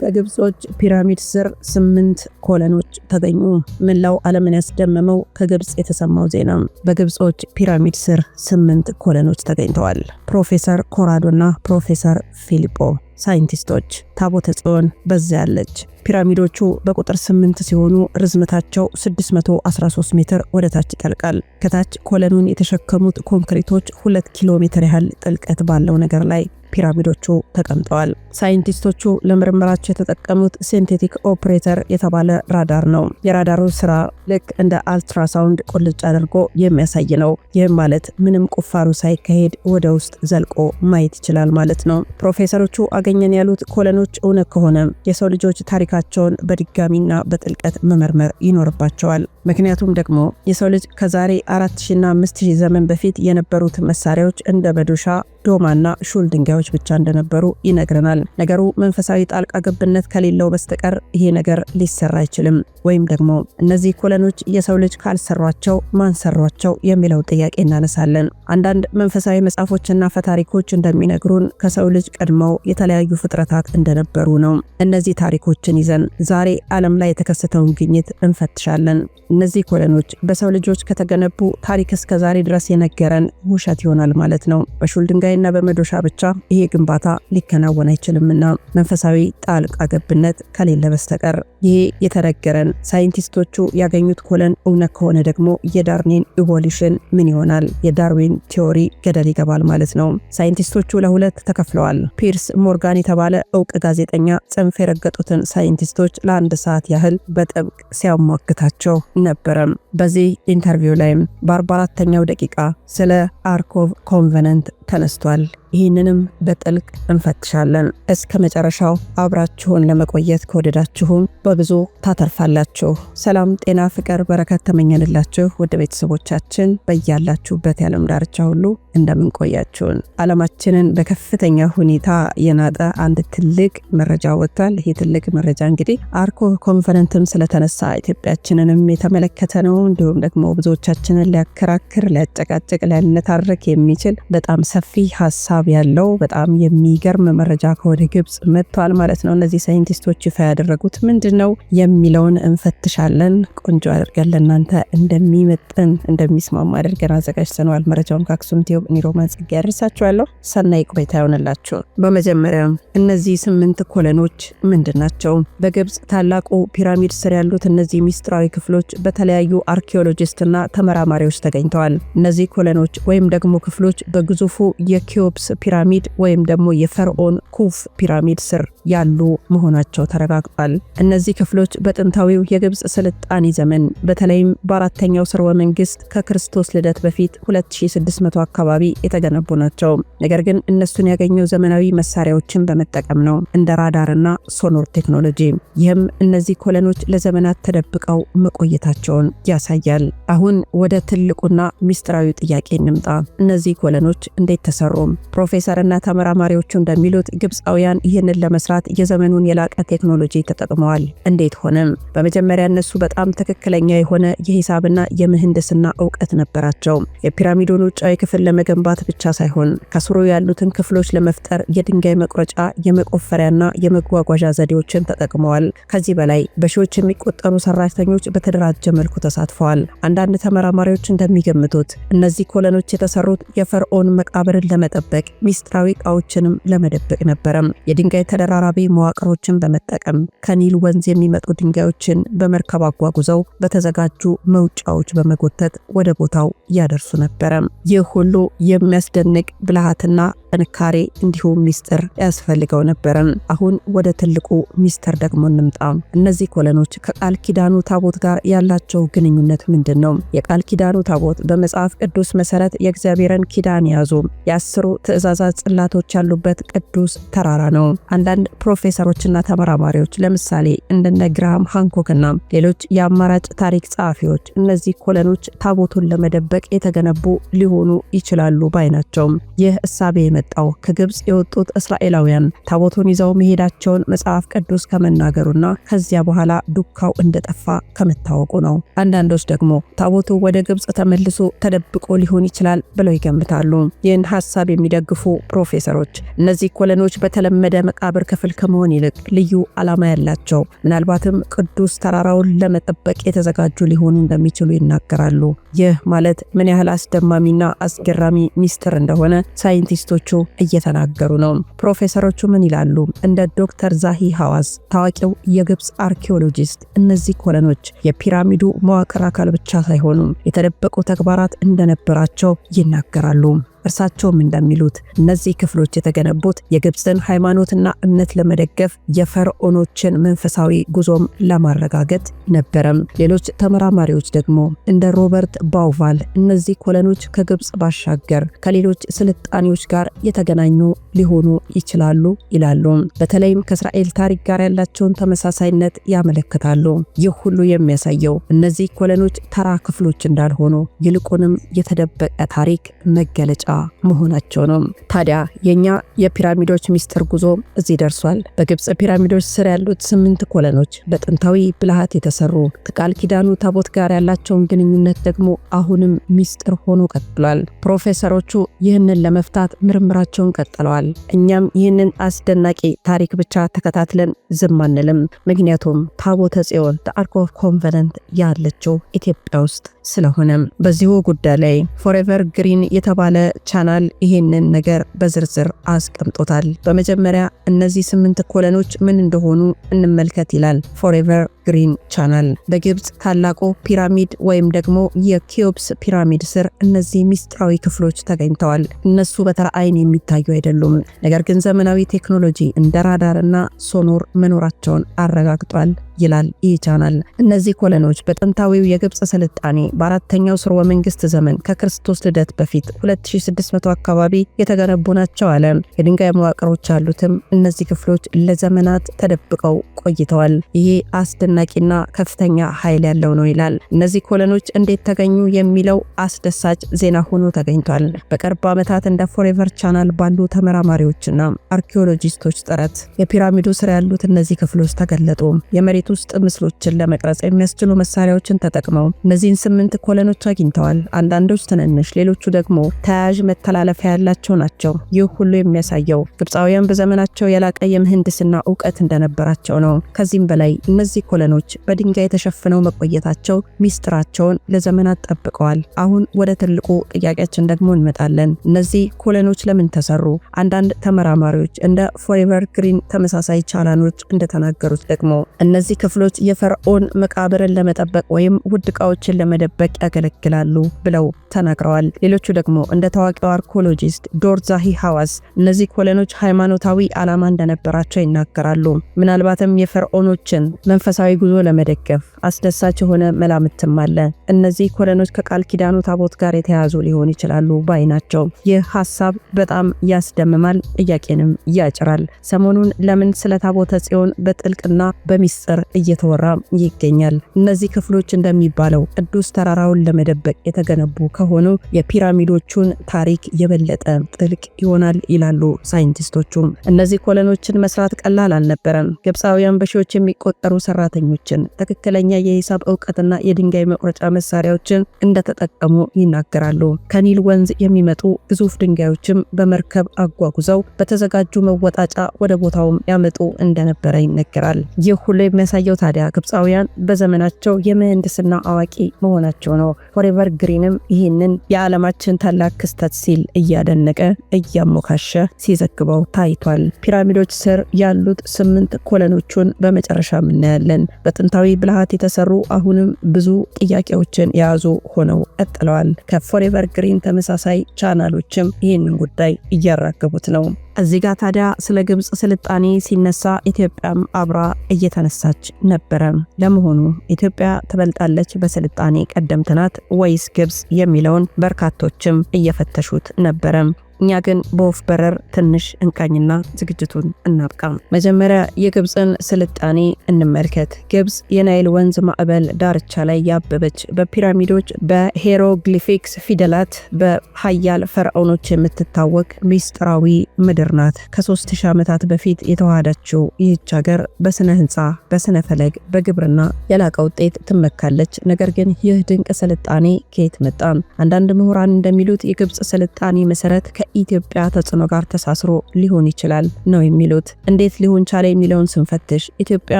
ከግብጾች ፒራሚድ ስር ስምንት ኮለኖች ተገኙ። መላው ዓለምን ያስደመመው ከግብጽ የተሰማው ዜና። በግብጾች ፒራሚድ ስር ስምንት ኮለኖች ተገኝተዋል። ፕሮፌሰር ኮራዶ እና ፕሮፌሰር ፊሊፖ ሳይንቲስቶች ታቦተ ጽዮን በዚያ ያለች ፒራሚዶቹ በቁጥር 8 ሲሆኑ ርዝመታቸው 613 ሜትር ወደ ታች ይጠልቃል። ከታች ኮለኑን የተሸከሙት ኮንክሪቶች 2 ኪሎ ሜትር ያህል ጥልቀት ባለው ነገር ላይ ፒራሚዶቹ ተቀምጠዋል። ሳይንቲስቶቹ ለምርምራቸው የተጠቀሙት ሲንቴቲክ ኦፕሬተር የተባለ ራዳር ነው። የራዳሩ ስራ ልክ እንደ አልትራሳውንድ ቁልጭ አድርጎ የሚያሳይ ነው። ይህም ማለት ምንም ቁፋሩ ሳይካሄድ ወደ ውስጥ ዘልቆ ማየት ይችላል ማለት ነው። ፕሮፌሰሮቹ አገኘን ያሉት ኮለኖች እውነት ከሆነ የሰው ልጆች ታሪካቸውን በድጋሚና በጥልቀት መመርመር ይኖርባቸዋል። ምክንያቱም ደግሞ የሰው ልጅ ከዛሬ 4000ና 5000 ዘመን በፊት የነበሩት መሳሪያዎች እንደ መዶሻ፣ ዶማና ሹል ድንጋዮች ብቻ እንደነበሩ ይነግረናል። ነገሩ መንፈሳዊ ጣልቃ ገብነት ከሌለው በስተቀር ይሄ ነገር ሊሰራ አይችልም። ወይም ደግሞ እነዚህ ኮለኖች የሰው ልጅ ካልሰሯቸው ማን ሰሯቸው የሚለው ጥያቄ እናነሳለን። አንዳንድ መንፈሳዊ መጽሐፎችና ፈታሪኮች እንደሚነግሩን ከሰው ልጅ ቀድመው የተለያዩ ፍጥረታት እንደነበሩ ነው። እነዚህ ታሪኮችን ይዘን ዛሬ ዓለም ላይ የተከሰተውን ግኝት እንፈትሻለን። እነዚህ ኮለኖች በሰው ልጆች ከተገነቡ ታሪክ እስከ ዛሬ ድረስ የነገረን ውሸት ይሆናል ማለት ነው። በሹል ድንጋይና በመዶሻ ብቻ ይሄ ግንባታ ሊከናወን አይችልምና መንፈሳዊ ጣልቃ ገብነት ከሌለ በስተቀር ይሄ የተነገረን ሳይንቲስቶቹ ያገኙት ኮለን እውነት ከሆነ ደግሞ የዳርዊን ኢቮሉሽን ምን ይሆናል? የዳርዊን ቲዎሪ ገደል ይገባል ማለት ነው። ሳይንቲስቶቹ ለሁለት ተከፍለዋል። ፒርስ ሞርጋን የተባለ እውቅ ጋዜጠኛ ጽንፍ የረገጡትን ሳይንቲስቶች ለአንድ ሰዓት ያህል በጥብቅ ሲያሟግታቸው ነበረም። በዚህ ኢንተርቪው ላይም በ44ኛው ደቂቃ ስለ አርኮቭ ኮንቨነንት ተነስቷል። ይህንንም በጥልቅ እንፈትሻለን። እስከ መጨረሻው አብራችሁን ለመቆየት ከወደዳችሁም በብዙ ታተርፋላችሁ። ሰላም፣ ጤና፣ ፍቅር፣ በረከት ተመኘንላችሁ ውድ ቤተሰቦቻችን በያላችሁበት የዓለም ዳርቻ ሁሉ እንደምንቆያችሁን። ዓለማችንን በከፍተኛ ሁኔታ የናጠ አንድ ትልቅ መረጃ ወጥቷል። ይህ ትልቅ መረጃ እንግዲህ አርኮ ኮንፈረንትም ስለተነሳ ኢትዮጵያችንንም የተመለከተ ነው። እንዲሁም ደግሞ ብዙዎቻችንን ሊያከራክር፣ ሊያጨቃጭቅ፣ ሊያነታርክ የሚችል በጣም ሰ ሰፊ ሀሳብ ያለው በጣም የሚገርም መረጃ ከወደ ግብጽ መጥቷል ማለት ነው። እነዚህ ሳይንቲስቶች ይፋ ያደረጉት ምንድን ነው የሚለውን እንፈትሻለን። ቆንጆ አድርገን ለእናንተ እንደሚመጥን እንደሚስማሙ አድርገን አዘጋጅተነዋል። መረጃውን ከአክሱም ቲዩብ እኔ ሮማን ጽጌ ያደርሳችኋለሁ። ሰናይ ቆይታ ይሆንላችሁ። በመጀመሪያም እነዚህ ስምንት ኮለኖች ምንድን ናቸው? በግብጽ ታላቁ ፒራሚድ ስር ያሉት እነዚህ ሚስጥራዊ ክፍሎች በተለያዩ አርኪኦሎጂስትና ተመራማሪዎች ተገኝተዋል። እነዚህ ኮለኖች ወይም ደግሞ ክፍሎች በግዙፉ የኪዮፕስ ፒራሚድ ወይም ደግሞ የፈርዖን ኩፍ ፒራሚድ ስር ያሉ መሆናቸው ተረጋግጧል። እነዚህ ክፍሎች በጥንታዊው የግብፅ ስልጣኔ ዘመን በተለይም በአራተኛው ስርወ መንግስት ከክርስቶስ ልደት በፊት 2600 አካባቢ የተገነቡ ናቸው። ነገር ግን እነሱን ያገኘው ዘመናዊ መሳሪያዎችን በመጠቀም ነው፣ እንደ ራዳርና ሶኖር ቴክኖሎጂ። ይህም እነዚህ ኮለኖች ለዘመናት ተደብቀው መቆየታቸውን ያሳያል። አሁን ወደ ትልቁና ሚስጥራዊ ጥያቄ እንምጣ። እነዚህ ኮለኖች እንዴት ተሰሩም? ፕሮፌሰርና ተመራማሪዎቹ እንደሚሉት ግብፃውያን ይህንን ለመስራት ለመስራት የዘመኑን የላቀ ቴክኖሎጂ ተጠቅመዋል። እንዴት ሆነም? በመጀመሪያ እነሱ በጣም ትክክለኛ የሆነ የሂሳብና የምህንድስና እውቀት ነበራቸው። የፒራሚዱን ውጫዊ ክፍል ለመገንባት ብቻ ሳይሆን ከስሩ ያሉትን ክፍሎች ለመፍጠር የድንጋይ መቁረጫ፣ የመቆፈሪያና የመጓጓዣ ዘዴዎችን ተጠቅመዋል። ከዚህ በላይ በሺዎች የሚቆጠሩ ሰራተኞች በተደራጀ መልኩ ተሳትፈዋል። አንዳንድ ተመራማሪዎች እንደሚገምቱት እነዚህ ኮለኖች የተሰሩት የፈርዖን መቃብርን ለመጠበቅ ሚስጥራዊ እቃዎችንም ለመደበቅ ነበረም። የድንጋይ ተደራራ አካባቢ መዋቅሮችን በመጠቀም ከኒል ወንዝ የሚመጡ ድንጋዮችን በመርከብ አጓጉዘው በተዘጋጁ መውጫዎች በመጎተት ወደ ቦታው ያደርሱ ነበረ። ይህ ሁሉ የሚያስደንቅ ብልሃትና ጥንካሬ እንዲሁም ሚስጥር ያስፈልገው ነበረም። አሁን ወደ ትልቁ ሚስጥር ደግሞ እንምጣ። እነዚህ ኮለኖች ከቃል ኪዳኑ ታቦት ጋር ያላቸው ግንኙነት ምንድን ነው? የቃል ኪዳኑ ታቦት በመጽሐፍ ቅዱስ መሰረት የእግዚአብሔርን ኪዳን ያዙ የአስሩ ትእዛዛት ጽላቶች ያሉበት ቅዱስ ተራራ ነው። አንዳንድ ፕሮፌሰሮችና ተመራማሪዎች ለምሳሌ እንደነ ግራሃም ሃንኮክና ሌሎች የአማራጭ ታሪክ ጸሐፊዎች እነዚህ ኮለኖች ታቦቱን ለመደበቅ የተገነቡ ሊሆኑ ይችላሉ ባይ ናቸው። ይህ እሳቤ የመጣው ከግብፅ የወጡት እስራኤላውያን ታቦቱን ይዘው መሄዳቸውን መጽሐፍ ቅዱስ ከመናገሩና ከዚያ በኋላ ዱካው እንደጠፋ ከመታወቁ ነው። አንዳንዶች ደግሞ ታቦቱ ወደ ግብፅ ተመልሶ ተደብቆ ሊሆን ይችላል ብለው ይገምታሉ። ይህን ሀሳብ የሚደግፉ ፕሮፌሰሮች እነዚህ ኮለኖች በተለመደ መቃብር ክፍል ከመሆን ይልቅ ልዩ ዓላማ ያላቸው ምናልባትም ቅዱስ ተራራውን ለመጠበቅ የተዘጋጁ ሊሆኑ እንደሚችሉ ይናገራሉ። ይህ ማለት ምን ያህል አስደማሚና አስገራሚ ሚስጥር እንደሆነ ሳይንቲስቶች ባለሙያዎቹ እየተናገሩ ነው። ፕሮፌሰሮቹ ምን ይላሉ? እንደ ዶክተር ዛሂ ሐዋስ ታዋቂው የግብፅ አርኪኦሎጂስት እነዚህ ኮለኖች የፒራሚዱ መዋቅር አካል ብቻ ሳይሆኑ የተደበቁ ተግባራት እንደነበራቸው ይናገራሉ። እርሳቸውም እንደሚሉት እነዚህ ክፍሎች የተገነቡት የግብፅን ሃይማኖትና እምነት ለመደገፍ የፈርዖኖችን መንፈሳዊ ጉዞም ለማረጋገጥ ነበረም። ሌሎች ተመራማሪዎች ደግሞ እንደ ሮበርት ባውቫል እነዚህ ኮለኖች ከግብፅ ባሻገር ከሌሎች ስልጣኔዎች ጋር የተገናኙ ሊሆኑ ይችላሉ ይላሉ። በተለይም ከእስራኤል ታሪክ ጋር ያላቸውን ተመሳሳይነት ያመለክታሉ። ይህ ሁሉ የሚያሳየው እነዚህ ኮለኖች ተራ ክፍሎች እንዳልሆኑ ይልቁንም የተደበቀ ታሪክ መገለጫ መሆናቸው ነው። ታዲያ የእኛ የፒራሚዶች ሚስጥር ጉዞ እዚህ ደርሷል። በግብፅ ፒራሚዶች ስር ያሉት ስምንት ኮለኖች በጥንታዊ ብልሃት የተሰሩ ከቃል ኪዳኑ ታቦት ጋር ያላቸውን ግንኙነት ደግሞ አሁንም ሚስጥር ሆኖ ቀጥሏል። ፕሮፌሰሮቹ ይህንን ለመፍታት ምርምራቸውን ቀጥለዋል። እኛም ይህንን አስደናቂ ታሪክ ብቻ ተከታትለን ዝም አንልም። ምክንያቱም ታቦተ ጽዮን አርክ ኮንቨነንት ያለችው ኢትዮጵያ ውስጥ ስለሆነም በዚሁ ጉዳይ ላይ ፎሬቨር ግሪን የተባለ ቻናል ይሄንን ነገር በዝርዝር አስቀምጦታል። በመጀመሪያ እነዚህ ስምንት ኮለኖች ምን እንደሆኑ እንመልከት ይላል ፎሬቨር ግሪን ቻናል። በግብፅ ታላቁ ፒራሚድ ወይም ደግሞ የኪዮፕስ ፒራሚድ ስር እነዚህ ሚስጥራዊ ክፍሎች ተገኝተዋል። እነሱ በተራ አይን የሚታዩ አይደሉም፣ ነገር ግን ዘመናዊ ቴክኖሎጂ እንደ ራዳር እና ሶኖር መኖራቸውን አረጋግጧል። ይላል ይህ ቻናል። እነዚህ ኮለኖች በጥንታዊው የግብፅ ስልጣኔ በአራተኛው ስርወ መንግስት ዘመን ከክርስቶስ ልደት በፊት 2600 አካባቢ የተገነቡ ናቸው አለ። የድንጋይ መዋቅሮች ያሉትም እነዚህ ክፍሎች ለዘመናት ተደብቀው ቆይተዋል። ይሄ አስደናቂና ከፍተኛ ኃይል ያለው ነው ይላል። እነዚህ ኮለኖች እንዴት ተገኙ የሚለው አስደሳች ዜና ሆኖ ተገኝቷል። በቅርብ ዓመታት እንደ ፎሬቨር ቻናል ባሉ ተመራማሪዎችና አርኪኦሎጂስቶች ጥረት የፒራሚዱ ስር ያሉት እነዚህ ክፍሎች ተገለጡ። የመሬቱ ቤት ውስጥ ምስሎችን ለመቅረጽ የሚያስችሉ መሳሪያዎችን ተጠቅመው እነዚህን ስምንት ኮለኖች አግኝተዋል። አንዳንዶች ትንንሽ፣ ሌሎቹ ደግሞ ተያያዥ መተላለፊያ ያላቸው ናቸው። ይህ ሁሉ የሚያሳየው ግብፃውያን በዘመናቸው የላቀ የምህንድስና እውቀት እንደነበራቸው ነው። ከዚህም በላይ እነዚህ ኮለኖች በድንጋይ የተሸፍነው መቆየታቸው ሚስጥራቸውን ለዘመናት ጠብቀዋል። አሁን ወደ ትልቁ ጥያቄያችን ደግሞ እንመጣለን። እነዚህ ኮለኖች ለምን ተሰሩ? አንዳንድ ተመራማሪዎች እንደ ፎሬቨር ግሪን ተመሳሳይ ቻላኖች እንደተናገሩት ደግሞ እነዚህ ክፍሎች የፈርዖን መቃብርን ለመጠበቅ ወይም ውድ እቃዎችን ለመደበቅ ያገለግላሉ ብለው ተናግረዋል። ሌሎቹ ደግሞ እንደ ታዋቂው አርኮሎጂስት ዶርዛሂ ሐዋስ እነዚህ ኮለኖች ሃይማኖታዊ ዓላማ እንደነበራቸው ይናገራሉ። ምናልባትም የፈርዖኖችን መንፈሳዊ ጉዞ ለመደገፍ አስደሳች የሆነ መላምትም አለ። እነዚህ ኮለኖች ከቃል ኪዳኑ ታቦት ጋር የተያያዙ ሊሆን ይችላሉ ባይ ናቸው። ይህ ሀሳብ በጣም ያስደምማል፣ ጥያቄንም ያጭራል። ሰሞኑን ለምን ስለ ታቦተ ጽዮን በጥልቅና በሚስጥር እየተወራ ይገኛል? እነዚህ ክፍሎች እንደሚባለው ቅዱስ ተራራውን ለመደበቅ የተገነቡ ከሆኑ የፒራሚዶቹን ታሪክ የበለጠ ጥልቅ ይሆናል ይላሉ ሳይንቲስቶቹ። እነዚህ ኮለኖችን መስራት ቀላል አልነበረም። ግብፃውያን በሺዎች የሚቆጠሩ ሰራተኞችን ትክክለኛ ከፍተኛ የሂሳብ እውቀትና የድንጋይ መቁረጫ መሳሪያዎችን እንደተጠቀሙ ይናገራሉ። ከኒል ወንዝ የሚመጡ ግዙፍ ድንጋዮችም በመርከብ አጓጉዘው በተዘጋጁ መወጣጫ ወደ ቦታውም ያመጡ እንደነበረ ይነገራል። ይህ ሁሉ የሚያሳየው ታዲያ ግብፃውያን በዘመናቸው የምህንድስና አዋቂ መሆናቸው ነው። ፎሬቨር ግሪንም ይህንን የዓለማችን ታላቅ ክስተት ሲል እያደነቀ እያሞካሸ ሲዘግበው ታይቷል። ፒራሚዶች ስር ያሉት ስምንት ኮለኖቹን በመጨረሻ እናያለን። በጥንታዊ ብልሃት የተሰሩ አሁንም ብዙ ጥያቄዎችን የያዙ ሆነው ቀጥለዋል። ከፎሬቨር ግሪን ተመሳሳይ ቻናሎችም ይህንን ጉዳይ እያራገቡት ነው። እዚህ ጋር ታዲያ ስለ ግብፅ ስልጣኔ ሲነሳ ኢትዮጵያም አብራ እየተነሳች ነበረ። ለመሆኑ ኢትዮጵያ ትበልጣለች በስልጣኔ ቀደምት ናት ወይስ ግብፅ የሚለውን በርካቶችም እየፈተሹት ነበረ። እኛ ግን በወፍ በረር ትንሽ እንቃኝና ዝግጅቱን እናብቃ። መጀመሪያ የግብፅን ስልጣኔ እንመልከት። ግብፅ የናይል ወንዝ ማዕበል ዳርቻ ላይ ያበበች፣ በፒራሚዶች በሄሮግሊፊክስ ፊደላት፣ በሀያል ፈርዖኖች የምትታወቅ ሚስጥራዊ ምድር ናት። ከ3000 ዓመታት በፊት የተዋሃዳችው ይህች ሀገር በስነ ህንፃ፣ በስነ ፈለግ፣ በግብርና የላቀ ውጤት ትመካለች። ነገር ግን ይህ ድንቅ ስልጣኔ ከየት መጣ? አንዳንድ ምሁራን እንደሚሉት የግብፅ ስልጣኔ መሰረት ከ ከኢትዮጵያ ተጽዕኖ ጋር ተሳስሮ ሊሆን ይችላል ነው የሚሉት። እንዴት ሊሆን ቻለ የሚለውን ስንፈትሽ ኢትዮጵያ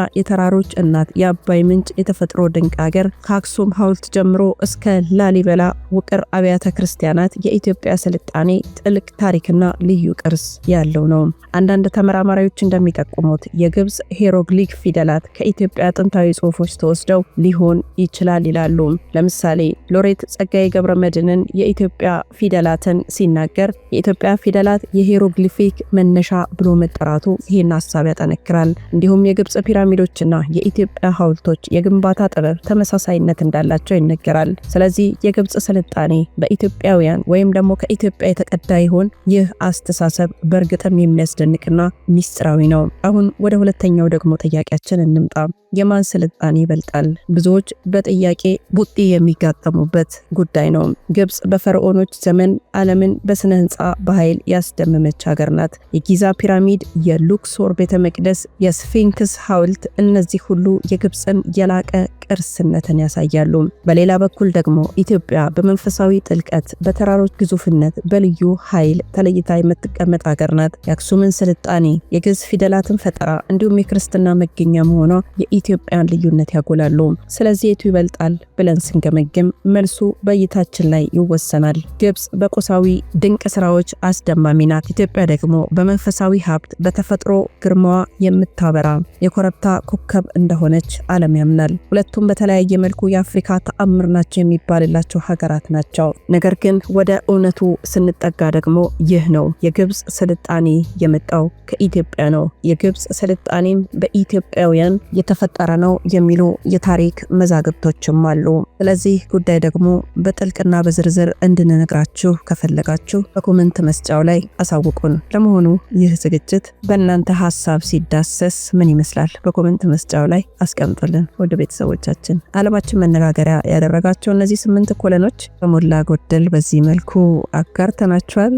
የተራሮች እናት፣ የአባይ ምንጭ፣ የተፈጥሮ ድንቅ ሀገር ከአክሱም ሐውልት ጀምሮ እስከ ላሊበላ ውቅር አብያተ ክርስቲያናት የኢትዮጵያ ስልጣኔ ጥልቅ ታሪክና ልዩ ቅርስ ያለው ነው። አንዳንድ ተመራማሪዎች እንደሚጠቁሙት የግብፅ ሄሮግሊክ ፊደላት ከኢትዮጵያ ጥንታዊ ጽሑፎች ተወስደው ሊሆን ይችላል ይላሉ። ለምሳሌ ሎሬት ጸጋዬ ገብረ መድኅንን የኢትዮጵያ ፊደላትን ሲናገር የኢትዮጵያ ፊደላት የሄሮግሊፊክ መነሻ ብሎ መጠራቱ ይህን ሀሳብ ያጠነክራል። እንዲሁም የግብፅ ፒራሚዶችና የኢትዮጵያ ሀውልቶች የግንባታ ጥበብ ተመሳሳይነት እንዳላቸው ይነገራል። ስለዚህ የግብፅ ስልጣኔ በኢትዮጵያውያን ወይም ደግሞ ከኢትዮጵያ የተቀዳ ይሆን? ይህ አስተሳሰብ በእርግጥም የሚያስደንቅና ሚስጥራዊ ነው። አሁን ወደ ሁለተኛው ደግሞ ጥያቄያችን እንምጣ። የማን ስልጣኔ ይበልጣል? ብዙዎች በጥያቄ ቡጢ የሚጋጠሙበት ጉዳይ ነው። ግብጽ በፈርዖኖች ዘመን ዓለምን በስነ ህንፃ በኃይል ያስደመመች ሀገር ናት። የጊዛ ፒራሚድ፣ የሉክሶር ቤተ መቅደስ፣ የስፊንክስ ሐውልት፣ እነዚህ ሁሉ የግብፅን የላቀ ቅርስነትን ያሳያሉ። በሌላ በኩል ደግሞ ኢትዮጵያ በመንፈሳዊ ጥልቀት፣ በተራሮች ግዙፍነት፣ በልዩ ኃይል ተለይታ የምትቀመጥ ሀገር ናት። የአክሱምን ስልጣኔ፣ የግዕዝ ፊደላትን ፈጠራ እንዲሁም የክርስትና መገኛ መሆኗ ኢትዮጵያን ልዩነት ያጎላሉ። ስለዚህ የቱ ይበልጣል ብለን ስንገመግም መልሱ በእይታችን ላይ ይወሰናል። ግብጽ በቁሳዊ ድንቅ ስራዎች አስደማሚ ናት። ኢትዮጵያ ደግሞ በመንፈሳዊ ሀብት፣ በተፈጥሮ ግርማዋ የምታበራ የኮረብታ ኮከብ እንደሆነች ዓለም ያምናል። ሁለቱም በተለያየ መልኩ የአፍሪካ ተአምር ናቸው የሚባልላቸው ሀገራት ናቸው። ነገር ግን ወደ እውነቱ ስንጠጋ ደግሞ ይህ ነው የግብጽ ስልጣኔ የመጣው ከኢትዮጵያ ነው። የግብጽ ስልጣኔም በኢትዮጵያውያን የተፈ የተፈጠረ ነው የሚሉ የታሪክ መዛግብቶችም አሉ። ስለዚህ ጉዳይ ደግሞ በጥልቅና በዝርዝር እንድንነግራችሁ ከፈለጋችሁ በኮመንት መስጫው ላይ አሳውቁን። ለመሆኑ ይህ ዝግጅት በእናንተ ሀሳብ ሲዳሰስ ምን ይመስላል? በኮመንት መስጫው ላይ አስቀምጡልን። ወደ ቤተሰቦቻችን አለማችን መነጋገሪያ ያደረጋቸው እነዚህ ስምንት ኮለኖች በሞላ ጎደል በዚህ መልኩ አጋርተናችኋል።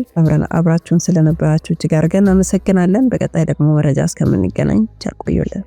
አብራችሁን ስለነበራችሁ እጅግ አድርገን አመሰግናለን። በቀጣይ ደግሞ መረጃ እስከምንገናኝ ቸር ቆዩልን።